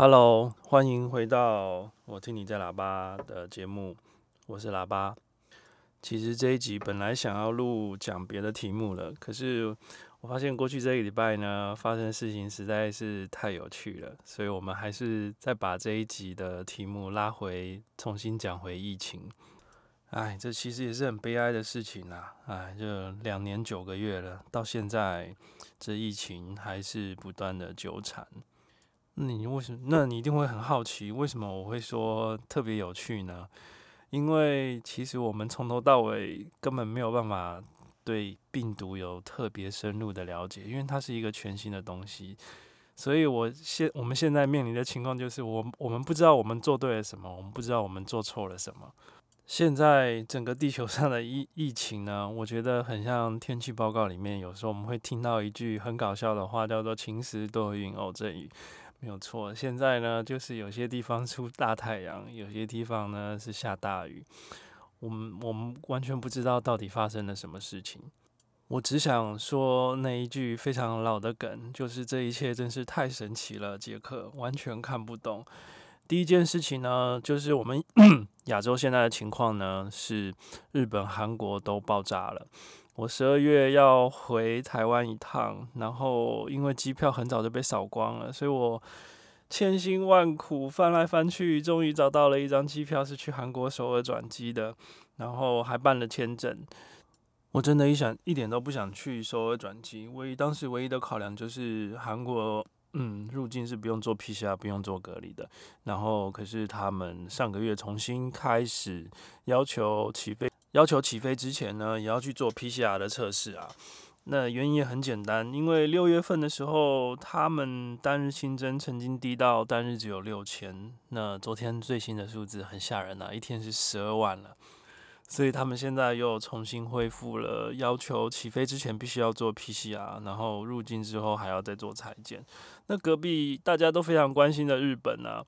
Hello，歡迎回到我聽你在喇叭的節目，我是喇叭。其實這一集本來想要錄，講別的題目了，可是我發現過去這個禮拜呢，發生的事情實在是太有趣了，所以我們還是再把這一集的題目拉回，重新講回疫情。哎，這其實也是很悲哀的事情啦。哎，就兩年九個月了，到現在這疫情還是不斷的糾纏。那你為什麼？那你一定會很好奇，為什麼我會說特別有趣呢？因為其實我們從頭到尾根本沒有辦法對病毒有特別深入的了解，因為它是一個全新的東西。所以，我現我們現在面臨的情況就是我，我我們不知道我們做對了什麼，我們不知道我們做錯了什麼。現在整個地球上的疫疫情呢，我覺得很像天氣報告裡面有時候我們會聽到一句很搞笑的話，叫做“晴時多雲，偶陣雨”。沒有錯，現在呢，就是有些地方出大太陽，有些地方呢是下大雨，我們我們完全不知道到底發生了什麼事情。我只想說那一句非常老的梗，就是這一切真是太神奇了，傑克完全看不懂。第一件事情呢，就是我們亞 洲現在的情況呢，是日本、韓國都爆炸了。我十二月要回台灣一趟，然後因為機票很早就被掃光了，所以我千辛萬苦翻來翻去，終於找到了一張機票是去韓國首爾轉機的，然後還辦了簽證。我真的一想，一點都不想去首爾轉機。唯一當時唯一的考量就是韓國，嗯，入境是不用做 PCR、不用做隔離的。然後可是他們上個月重新開始要求起飛。要求起飛之前呢，也要去做 PCR 的測試啊。那原因也很簡單，因為六月份的時候，他們單日新增曾經低到單日只有六千。那昨天最新的數字很嚇人吶、啊，一天是十二萬了。所以他們現在又重新恢復了要求起飛之前必須要做 PCR，然後入境之後還要再做採檢。那隔壁大家都非常關心的日本呢、啊？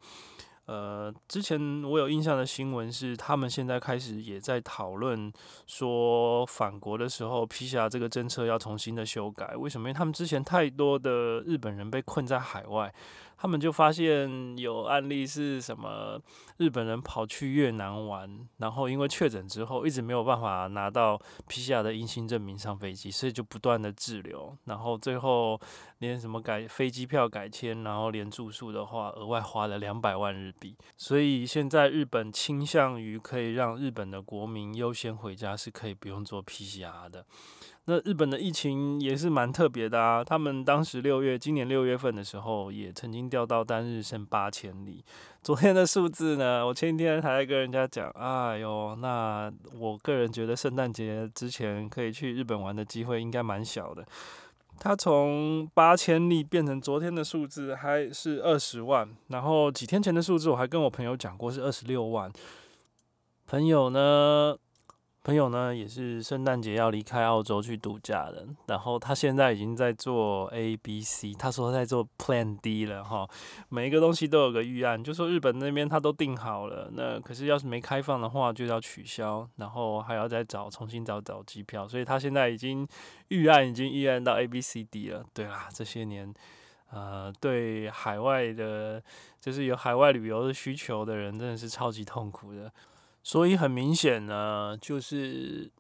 呃，之前我有印象的新聞是，他們現在開始也在討論說，返國的時候，PCR 這個政策要重新的修改。為什麼？因為他們之前太多的日本人被困在海外。他們就發現有案例是什麼？日本人跑去越南玩，然後因為確診之後一直沒有辦法拿到 PCR 的陰性證明上飛機，所以就不斷的滯留，然後最後連什麼改飛機票改簽，然後連住宿的話額外花了兩百萬日幣。所以現在日本傾向於可以讓日本的國民優先回家，是可以不用做 PCR 的。那日本的疫情也是蠻特別的啊，他們當時六月今年六月份的時候，也曾經掉到單日剩八千例。昨天的數字呢，我前幾天還在跟人家講，哎呦，那我個人覺得聖誕節之前可以去日本玩的機會應該蠻小的。他從八千例變成昨天的數字還是二十萬，然後幾天前的數字我還跟我朋友講過是二十六萬，朋友呢？朋友呢，也是聖誕節要離開澳洲去度假的，然後他現在已經在做 A、B、C，他說他在做 Plan D 了哈。每一個東西都有個預案，就說日本那邊他都定好了。那可是要是沒開放的話，就要取消，然後還要再找重新找找機票。所以他現在已經預案已經預案到 A、B、C、D 了。對啦，這些年，呃，對海外的，就是有海外旅遊的需求的人，真的是超級痛苦的。所以很明顯呢，就是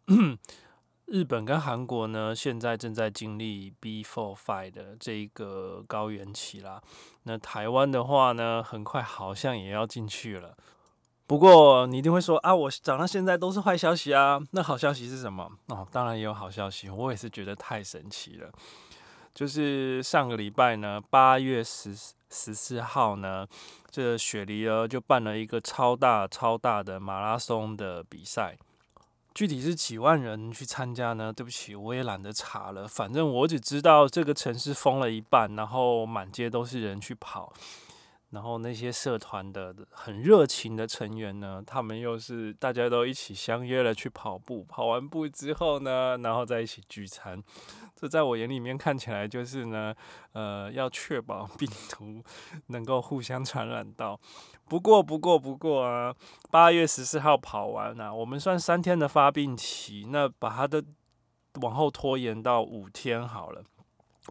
日本跟韓國呢，現在正在經歷 B four five 的這個高原期啦。那台灣的話呢，很快好像也要進去了。不過你一定會說啊，我講到現在都是壞消息啊。那好消息是什麼？哦，當然也有好消息，我也是覺得太神奇了。就是上個禮拜呢，八月十十四號呢，這雪梨兒就辦了一個超大超大的馬拉松的比賽。具體是幾萬人去參加呢？對不起，我也懶得查了，反正我只知道這個城市封了一半，然後滿街都是人去跑。然後那些社團的很熱情的成員呢，他們又是大家都一起相約了去跑步，跑完步之後呢，然後在一起聚餐。這在我眼裡面看起來就是呢，呃，要確保病毒能夠互相傳染到。不過，不過，不過啊，八月十四號跑完啊，我們算三天的發病期，那把它的往後拖延到五天好了。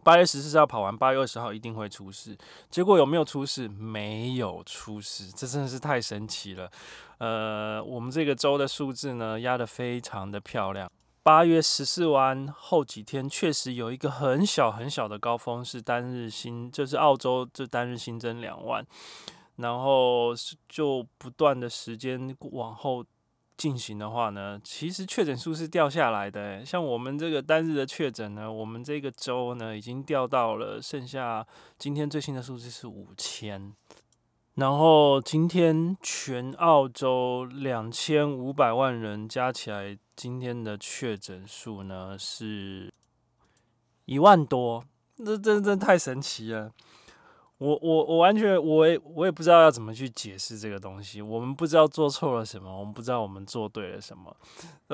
八月十四號跑完，八月二十號一定會出事。結果有沒有出事？沒有出事，這真的是太神奇了。呃，我們這個州的數字呢，壓得非常的漂亮。八月十四完後幾天，確實有一個很小很小的高峰，是單日新，就是澳洲這單日新增兩萬，然後就不斷的時間往後。進行的話呢，其實確診數是掉下來的。像我們這個單日的確診呢，我們這個州呢已經掉到了剩下今天最新的數字是五千。然後今天全澳洲兩千五百萬人加起來，今天的確診數呢是一萬多，那真真太神奇了。我我我完全我也我也不知道要怎麼去解釋這個東西，我們不知道做錯了什麼，我們不知道我們做對了什麼。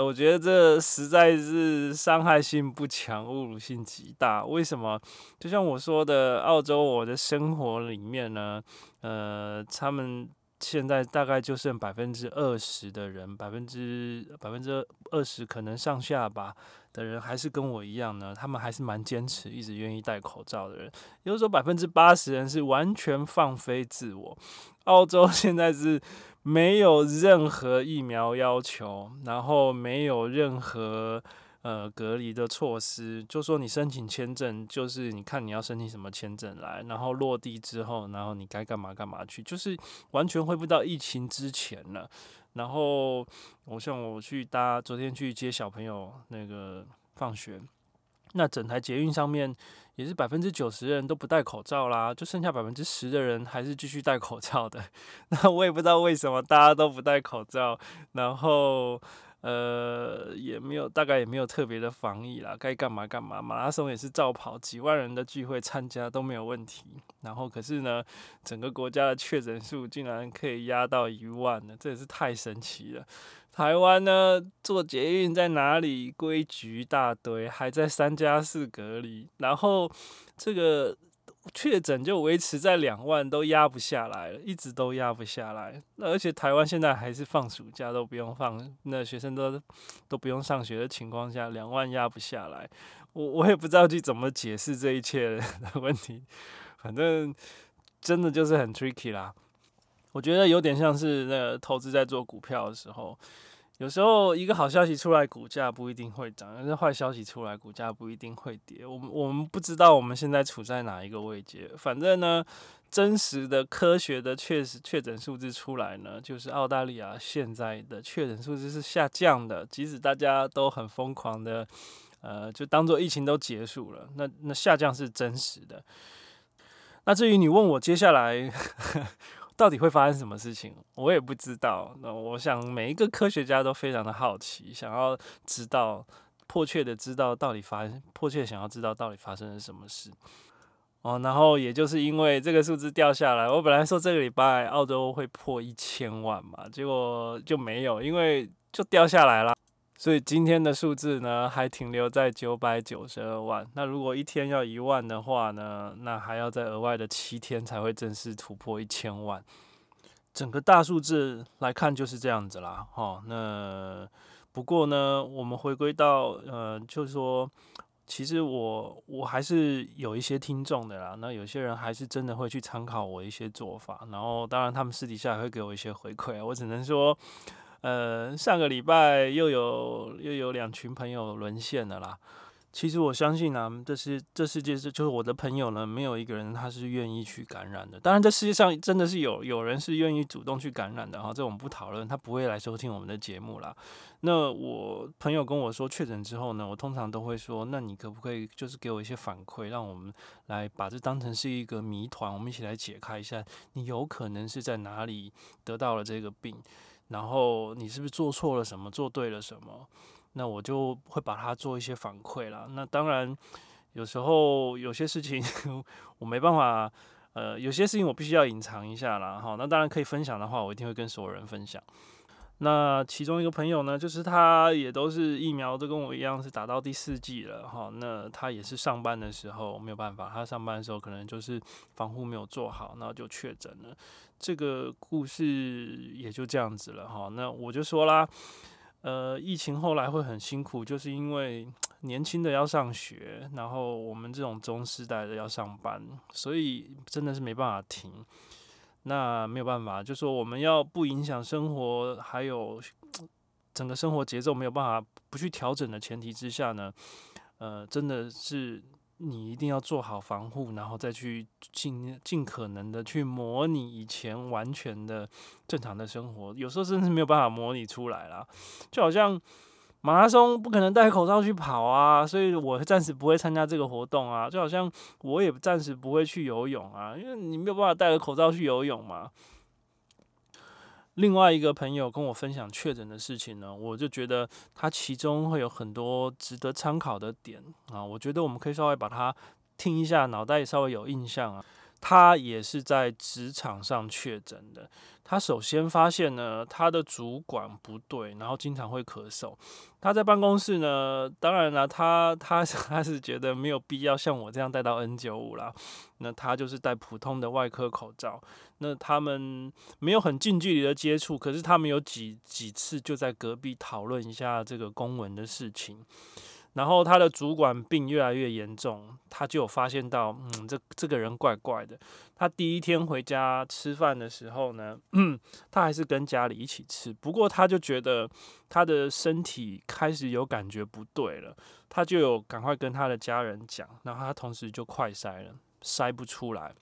我覺得這實在是傷害性不強，侮辱性極大。為什麼？就像我說的，澳洲我的生活裡面呢，呃，他們現在大概就剩百分之二十的人，百分之百分之二十可能上下吧。的人還是跟我一樣呢，他們還是蠻堅持，一直願意戴口罩的人。也就是說百分之八十人是完全放飛自我。澳洲現在是沒有任何疫苗要求，然後沒有任何呃隔離的措施。就說你申請簽證，就是你看你要申請什麼簽證來，然後落地之後，然後你該幹嘛幹嘛去，就是完全恢復到疫情之前了。然後我像我去搭，昨天去接小朋友那個放學，那整台捷運上面也是百分之九十的人都不戴口罩啦，就剩下百分之十的人還是繼續戴口罩的。那我也不知道為什麼大家都不戴口罩，然後。呃，也沒有，大概也沒有特別的防疫啦，該幹嘛幹嘛，馬拉松也是照跑，幾萬人的聚會參加都沒有問題。然後，可是呢，整個國家的確診數竟然可以壓到一萬呢？這也是太神奇了。台灣呢，坐捷運在哪裡，規矩一大堆，還在三加四隔離，然後這個。確診就維持在兩萬，都壓不下來了，一直都壓不下來。那而且台灣現在還是放暑假，都不用放，那學生都都不用上學的情況下，兩萬壓不下來。我我也不知道去怎麼解釋這一切的問題，反正真的就是很 tricky 啦。我覺得有點像是那個投資在做股票的時候。有時候一個好消息出來，股價不一定會漲，但是壞消息出來，股價不一定會跌。我們我們不知道我們現在處在哪一個位置。反正呢，真實的科學的確實確診數字出來呢，就是澳大利亞現在的確診數字是下降的，即使大家都很瘋狂的，呃，就當做疫情都結束了。那那下降是真實的。那至於你問我接下來，到底會發生什麼事情，我也不知道。那我想每一個科學家都非常的好奇，想要知道，迫切的知道到底發生，迫切想要知道到底發生了什麼事。哦，然後也就是因為這個數字掉下來，我本來說這個禮拜澳洲會破一千萬嘛，結果就沒有，因為就掉下來了。所以今天的數字呢，還停留在九百九十二萬。那如果一天要一萬的話呢，那還要再額外的七天才會正式突破一千萬。整個大數字來看就是這樣子啦。哈，那不過呢，我們回歸到呃，就是說，其實我我還是有一些聽眾的啦。那有些人還是真的會去參考我一些做法，然後當然他們私底下也會給我一些回饋。我只能說。呃，上個禮拜又有又有兩群朋友淪陷了啦。其實我相信呢、啊，這是這世界，就就是我的朋友呢，沒有一個人他是願意去感染的。當然，這世界上真的是有有人是願意主動去感染的哈，這我們不討論，他不會來收聽我們的節目啦。那我朋友跟我說確診之後呢，我通常都會說，那你可不可以就是給我一些反饋，讓我們來把這當成是一個謎團，我們一起來解開一下，你有可能是在哪裡得到了這個病？然後你是不是做錯了什麼，做對了什麼？那我就會把它做一些反饋啦。那當然，有時候有些事情我沒辦法，呃，有些事情我必須要隱藏一下啦。哈，那當然可以分享的話，我一定會跟所有人分享。那其中一個朋友呢，就是他也都是疫苗，都跟我一樣是打到第四劑了。哈，那他也是上班的時候沒有辦法，他上班的時候可能就是防護沒有做好，然後就確診了。這個故事也就這樣子了哈，那我就說啦，呃，疫情後來會很辛苦，就是因為年輕的要上學，然後我們這種中世代的要上班，所以真的是沒辦法停。那沒有辦法，就說我們要不影響生活，還有整個生活節奏沒有辦法不去調整的前提之下呢，呃，真的是。你一定要做好防護，然後再去盡盡可能的去模擬以前完全的正常的生活。有時候甚至沒有辦法模擬出來了，就好像馬拉松不可能戴口罩去跑啊，所以我暫時不會參加這個活動啊。就好像我也暫時不會去游泳啊，因為你沒有辦法戴着口罩去游泳嘛。另外一個朋友跟我分享確診的事情呢，我就覺得他其中會有很多值得參考的點啊，我覺得我們可以稍微把它聽一下，腦袋也稍微有印象啊。他也是在職場上確診的。他首先發現呢，他的主管不對，然後經常會咳嗽。他在辦公室呢，當然了，他他他是覺得沒有必要像我這樣戴到 N95 啦，那他就是戴普通的外科口罩。那他們沒有很近距離的接觸，可是他們有幾幾次就在隔壁討論一下這個公文的事情。然後他的主管病越來越嚴重，他就有發現到，嗯，這這個人怪怪的。他第一天回家吃飯的時候呢，嗯，他還是跟家裡一起吃。不過他就覺得他的身體開始有感覺不對了，他就有趕快跟他的家人講。然後他同時就快篩了，篩不出來。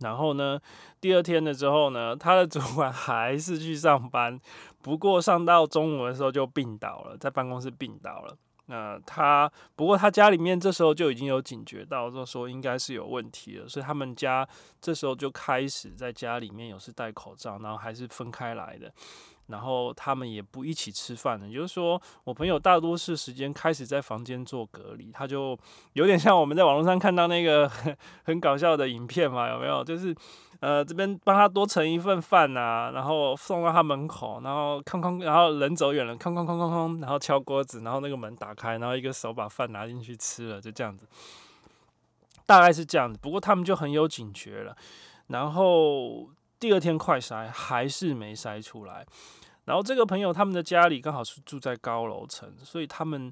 然後呢，第二天了之後呢，他的主管還是去上班，不過上到中午的時候就病倒了，在辦公室病倒了。那他不過他家裡面這時候就已經有警覺到，就說應該是有問題了，所以他們家這時候就開始在家裡面也是戴口罩，然後還是分開來的，然後他們也不一起吃飯的，也就是說我朋友大多數時間開始在房間做隔離，他就有點像我們在網絡上看到那個很搞笑的影片嘛，有沒有？就是。呃，這邊幫他多盛一份飯啊，然後送到他門口，然後康康，然後人走遠了，康康，康康，然後敲鍋子，然後那個門打開，然後一個手把飯拿進去吃了，就這樣子，大概是這樣子。不過他們就很有警覺了，然後第二天快篩還是沒篩出來，然後這個朋友他們的家裡剛好是住在高樓層，所以他們。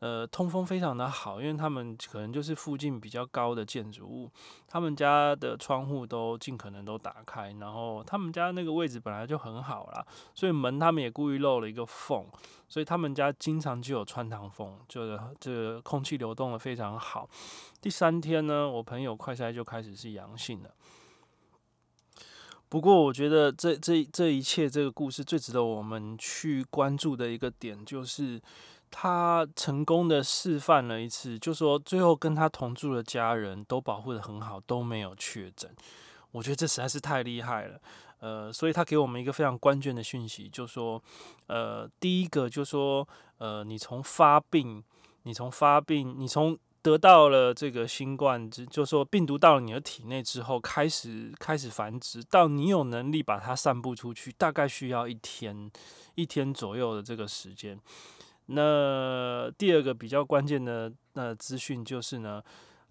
呃，通風非常的好，因為他們可能就是附近比較高的建築物，他們家的窗戶都盡可能都打開，然後他們家那個位置本來就很好啦，所以門他們也故意漏了一個縫，所以他們家經常就有穿堂風，就是這空氣流動的非常好。第三天呢，我朋友快篩就開始是陽性了。不過我覺得這這這一切這個故事最值得我們去關注的一個點就是。他成功的示範了一次，就說最後跟他同住的家人都保護得很好，都沒有確診。我覺得這實在是太厲害了。呃，所以他給我們一個非常關鍵的訊息，就說，呃，第一個就說，呃，你從發病，你從發病，你從得到了這個新冠，就就說病毒到了你的體內之後，開始開始繁殖，到你有能力把它散布出去，大概需要一天，一天左右的這個時間。那第二個比較關鍵的那資訊就是呢，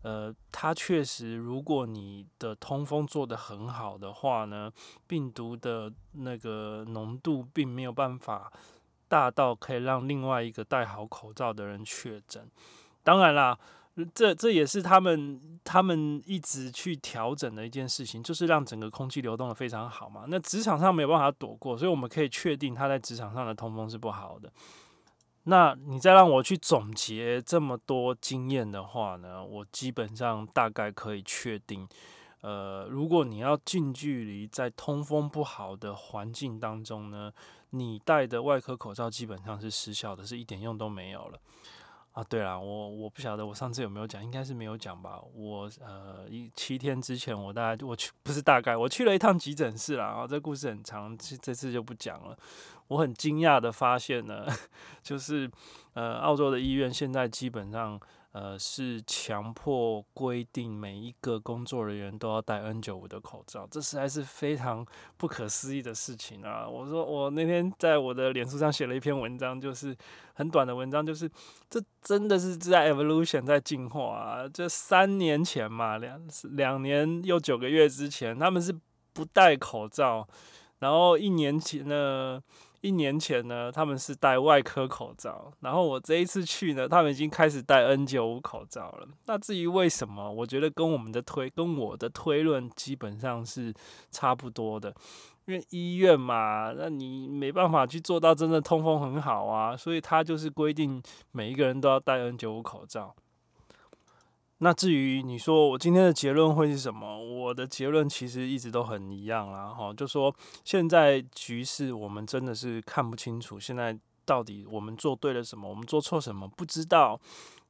呃，它確實，如果你的通風做得很好的話呢，病毒的那個濃度並沒有辦法大到可以讓另外一個戴好口罩的人確診。當然啦，這這也是他們他們一直去調整的一件事情，就是讓整個空氣流動的非常好嘛。那職場上沒有辦法躲過，所以我們可以確定他在職場上的通風是不好的。那你再讓我去總結這麼多經驗的話呢，我基本上大概可以確定，呃，如果你要近距離在通風不好的環境當中呢，你戴的外科口罩基本上是失效的，是一點用都沒有了。啊，對了，我我不曉得我上次有沒有講，應該是沒有講吧。我呃，一七天之前，我大概我去不是大概，我去了一趟急診室啦。然後，啊，這故事很長，這這次就不講了。我很驚訝的發現呢，就是呃，澳洲的醫院現在基本上。呃，是強迫規定每一個工作人員都要戴 N 九五的口罩，這實在是非常不可思議的事情啊！我說，我那天在我的臉書上寫了一篇文章，就是很短的文章，就是這真的是在 evolution 在進化啊。這三年前嘛，兩兩年又九個月之前，他們是不戴口罩，然後一年前呢。一年前呢，他們是戴外科口罩，然後我這一次去呢，他們已經開始戴 N95 口罩了。那至於為什麼，我覺得跟我們的推，跟我的推論基本上是差不多的，因為醫院嘛，那你沒辦法去做到真的通風很好啊，所以他就是規定每一個人都要戴 N95 口罩。那至於你說我今天的結論會是什麼？我的結論其實一直都很一樣啦，哈，就說現在局勢我們真的是看不清楚，現在到底我們做對了什麼，我們做錯什麼，不知道。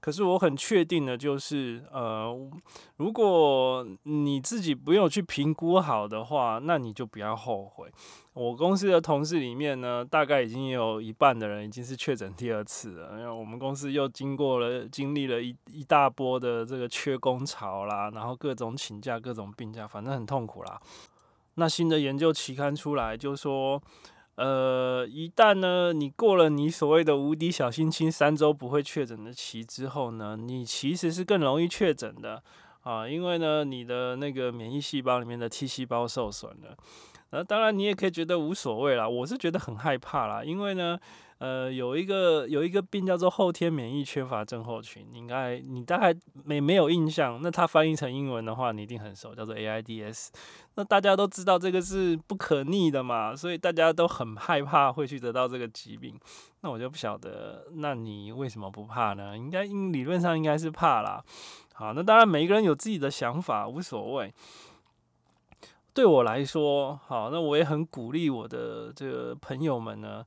可是我很確定的就是，呃，如果你自己不用去評估好的話，那你就不要後悔。我公司的同事裡面呢，大概已經有一半的人已經是確診第二次了。因為我們公司又經過了經歷了一一大波的這個缺工潮啦，然後各種請假、各種病假，反正很痛苦啦。那新的研究期刊出來就是說，呃，一旦呢，你過了你所謂的無敵小星星三周不會確診的期之後呢，你其實是更容易確診的啊，因為呢，你的那個免疫細胞裡面的 T 細胞受損了。那、啊、當然，你也可以覺得無所謂啦，我是覺得很害怕啦，因為呢。呃，有一個有一個病叫做後天免疫缺乏症候群，你應該你大概沒沒有印象。那它翻譯成英文的話，你一定很熟，叫做 AIDS。那大家都知道這個是不可逆的嘛，所以大家都很害怕會去得到這個疾病。那我就不曉得，那你為什麼不怕呢？應該理論上應該是怕啦。好，那當然每一個人有自己的想法，無所謂。對我來說，好，那我也很鼓勵我的這個朋友們呢。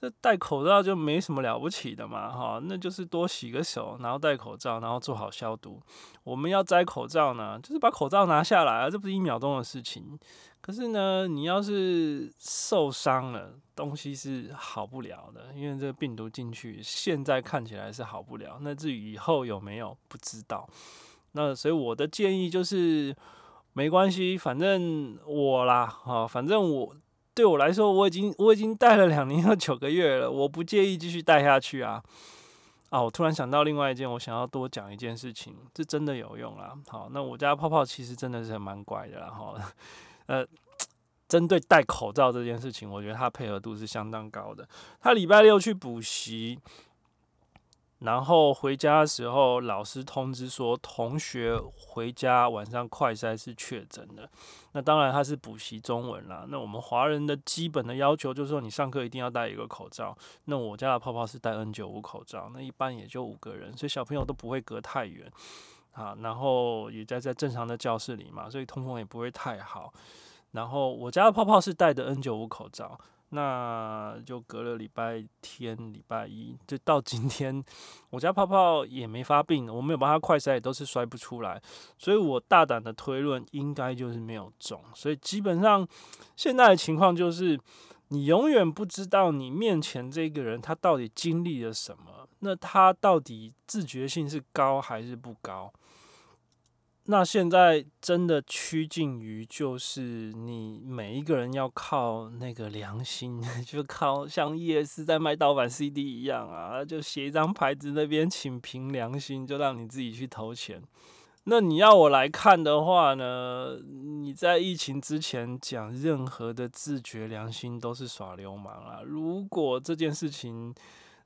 這戴口罩就沒什麼了不起的嘛，哈，那就是多洗個手，然後戴口罩，然後做好消毒。我們要摘口罩呢，就是把口罩拿下來啊，這不是一秒鐘的事情。可是呢，你要是受傷了，東西是好不了的，因為這個病毒進去，現在看起來是好不了。那至於以後有沒有，不知道。那所以我的建議就是，沒關係，反正我啦，哈，反正我。對我來說，我已經我已經戴了兩年和九個月了，我不介意繼續戴下去啊！啊，我突然想到另外一件，我想要多講一件事情，這真的有用啊！好，那我家泡泡其實真的是蠻乖的啦，呃，針對戴口罩這件事情，我覺得他配合度是相當高的。他禮拜六去補習。然後回家的時候，老師通知說同學回家晚上快篩是確診的。那當然他是補習中文啦。那我們華人的基本的要求就是說，你上課一定要戴一個口罩。那我家的泡泡是戴 N95 口罩，那一般也就五個人，所以小朋友都不會隔太遠啊。然後也在在正常的教室裡嘛，所以通風也不會太好。然後我家的泡泡是戴的 N95 口罩。那就隔了禮拜天、禮拜一，就到今天，我家泡泡也沒發病，我沒有幫它快篩，也都是篩不出來，所以我大膽的推論，應該就是沒有中。所以基本上，現在的情況就是，你永遠不知道你面前這個人他到底經歷了什麼，那他到底自覺性是高還是不高？那現在真的趨近於，就是你每一個人要靠那個良心，就靠像夜市在賣盜版 CD 一樣啊，就寫一張牌子那邊請憑良心，就讓你自己去投錢。那你要我來看的話呢，你在疫情之前講任何的自覺良心都是耍流氓啊！如果這件事情，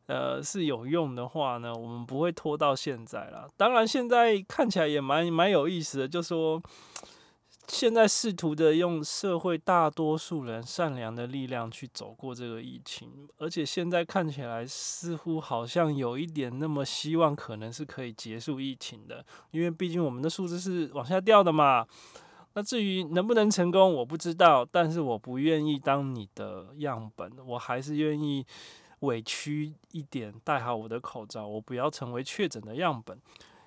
呃，是有用的話呢，我們不會拖到現在啦。當然，現在看起來也蠻蠻有意思的，就說現在試圖的用社會大多數人善良的力量去走過這個疫情，而且現在看起來似乎好像有一點那麼希望，可能是可以結束疫情的，因為畢竟我們的數字是往下掉的嘛。那至於能不能成功，我不知道，但是我不願意當你的樣本，我還是願意。委屈一點，戴好我的口罩，我不要成為確診的樣本。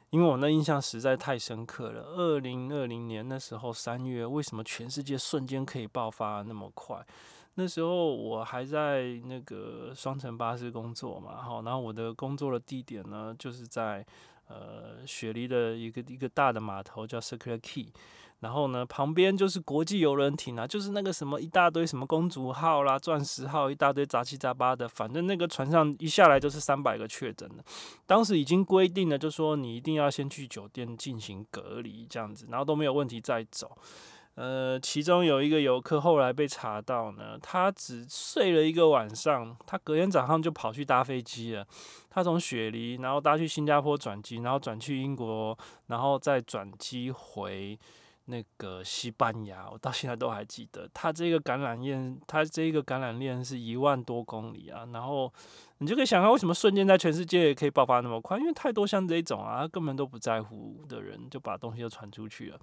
因為我那印象實在太深刻了。二零二零年那時候三月，為什麼全世界瞬間可以爆發那麼快？那時候我還在那個雙層巴士工作嘛，好，然後我的工作的地點呢，就是在。呃，雪梨的一個一個大的碼頭叫 Circular Quay，然後呢，旁邊就是國際遊輪停啊，就是那個什麼一大堆什麼公主號啦、鑽石號一大堆雜七雜八的，反正那個船上一下來就是三百個確診的。當時已經規定了，就說你一定要先去酒店進行隔離，這樣子，然後都沒有問題再走。呃，其中有一個遊客後來被查到呢，他只睡了一個晚上，他隔天早上就跑去搭飛機了。他從雪梨，然後搭去新加坡轉機，然後轉去英國，然後再轉機回那個西班牙。我到現在都還記得，他這個感染鏈，他這一個感染鏈是一萬多公里啊。然後你就可以想看，為什麼瞬間在全世界也可以爆發那麼快？因為太多像這種啊，根本都不在乎的人，就把東西就傳出去了。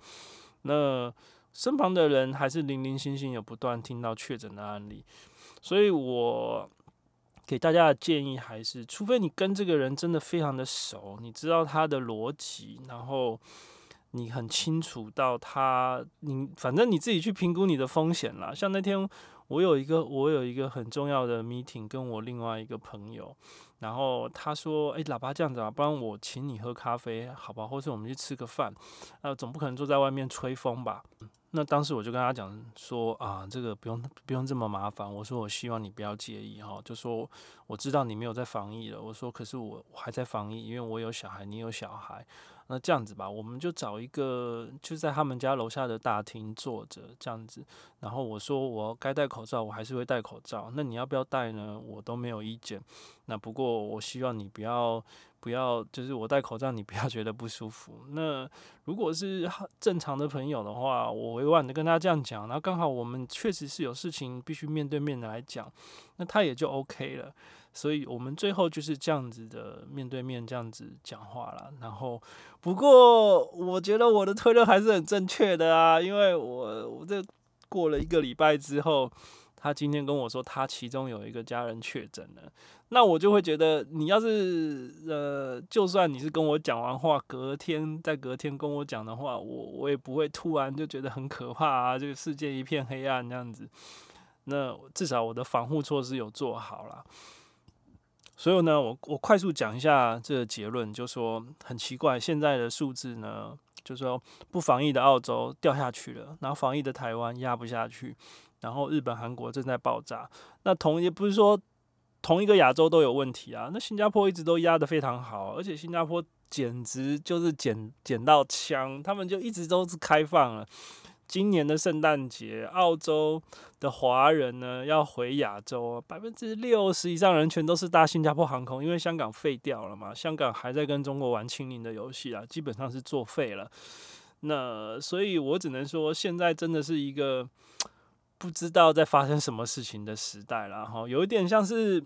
那。身旁的人還是零零星星有不斷聽到確診的案例，所以我給大家的建議還是，除非你跟這個人真的非常的熟，你知道他的邏輯，然後你很清楚到他，你反正你自己去評估你的風險啦。像那天我有一個我有一個很重要的 meeting，跟我另外一個朋友，然後他說：“哎，喇叭這樣子啊，不然我請你喝咖啡，好不好？或是我們去吃個飯，那總不可能坐在外面吹風吧？”那當時我就跟他講說啊，這個不用不用這麼麻煩。我說我希望你不要介意哈，就說我知道你沒有在防疫了。我說可是我還在防疫，因為我有小孩，你有小孩。那這樣子吧，我們就找一個就在他們家樓下的大廳坐着這樣子。然後我說我該戴口罩，我還是會戴口罩。那你要不要戴呢？我都沒有意見。那不過我希望你不要。不要，就是我戴口罩，你不要覺得不舒服。那如果是正常的朋友的話，我委婉的跟他這樣講，然後剛好我們確實是有事情必須面對面的來講，那他也就 OK 了。所以，我們最後就是這樣子的面對面這樣子講話了。然後，不過我覺得我的推論還是很正確的啊，因為我我這過了一個禮拜之後。他今天跟我說，他其中有一個家人確診了，那我就會覺得，你要是呃，就算你是跟我講完話，隔天再隔天跟我講的話，我我也不會突然就覺得很可怕啊，這個世界一片黑暗這樣子。那至少我的防護措施有做好了。所以呢，我我快速講一下這個結論，就說很奇怪，現在的數字呢，就說不防疫的澳洲掉下去了，然後防疫的台灣壓不下去。然後日本、韓國正在爆炸，那同，也不是說同一個亞洲都有問題啊？那新加坡一直都壓得非常好，而且新加坡簡直就是撿撿到槍，他們就一直都是開放了。今年的聖誕節，澳洲的華人呢要回亞洲，百分之六十以上人全都是搭新加坡航空，因為香港廢掉了嘛，香港還在跟中國玩清零的遊戲啊，基本上是作廢了。那所以，我只能說，現在真的是一個。不知道在發生什麼事情的時代，然後有一點像是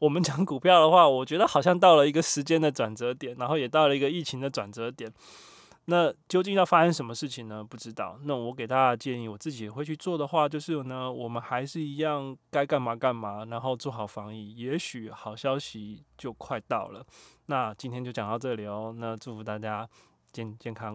我們講股票的話，我覺得好像到了一個時間的轉折點，然後也到了一個疫情的轉折點。那究竟要發生什麼事情呢？不知道。那我給大家建議，我自己也會去做的話，就是呢，我們還是一樣該幹嘛幹嘛，然後做好防疫，也許好消息就快到了。那今天就講到這裡哦，那祝福大家健健康。